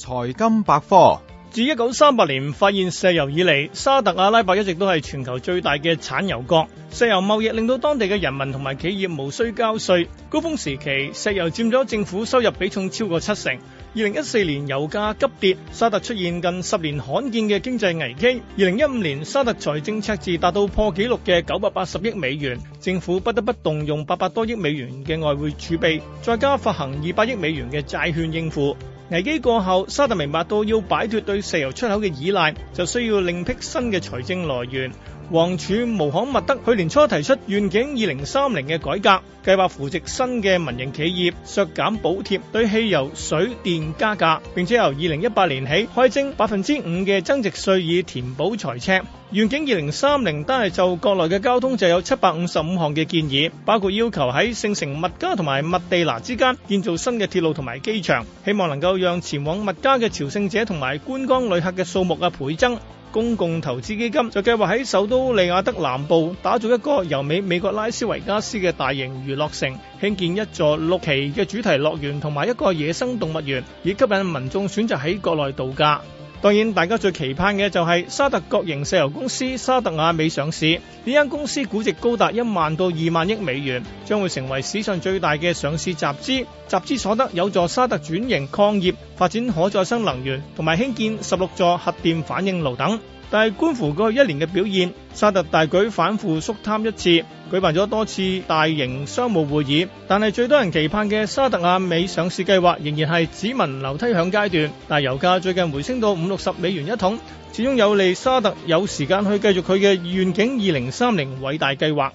財金百科，自一九三八年發現石油以來，沙特阿拉伯一直都係全球最大嘅產油國。石油貿易令到當地嘅人民同埋企業無需交稅。高峰時期，石油佔咗政府收入比重超過七成。二零一四年油價急跌，沙特出現近十年罕見嘅經濟危機。二零一五年，沙特財政赤字達到破紀錄嘅九百八十億美元，政府不得不動用八百多億美元嘅外匯儲備，再加發行二百億美元嘅債券應付。危機過後，沙特明白到要擺脫對石油出口嘅依賴，就需要另闢新嘅財政來源。皇儲穆罕默德去年初提出願景二零三零嘅改革計劃，扶植新嘅民營企業，削減補貼，對汽油、水電加價，並且由二零一八年起開徵百分之五嘅增值稅以填補財赤。願景二零三零單係就國內嘅交通就有七百五十五項嘅建議，包括要求喺聖城麥加同埋麥地那之間建造新嘅鐵路同埋機場，希望能夠讓前往麥加嘅朝聖者同埋觀光旅客嘅數目啊倍增。公共投資基金就計劃喺首都利雅得南部打造一個由美美國拉斯維加斯嘅大型娛樂城，興建一座六旗嘅主題樂園同埋一個野生動物園，以吸引民眾選擇喺國內度假。當然，大家最期盼嘅就係沙特國營石油公司沙特阿美上市，呢間公司估值高達一萬到二萬億美元，將會成為史上最大嘅上市集資，集資所得有助沙特轉型礦業、發展可再生能源同埋興建十六座核電反應爐等。但係觀乎過去一年嘅表現，沙特大舉反腐縮貪一次，舉辦咗多次大型商務會議，但係最多人期盼嘅沙特阿美上市計劃仍然係只聞樓梯響階段。但油價最近回升到五六十美元一桶，始終有利沙特有時間去繼續佢嘅願景二零三零偉大計劃。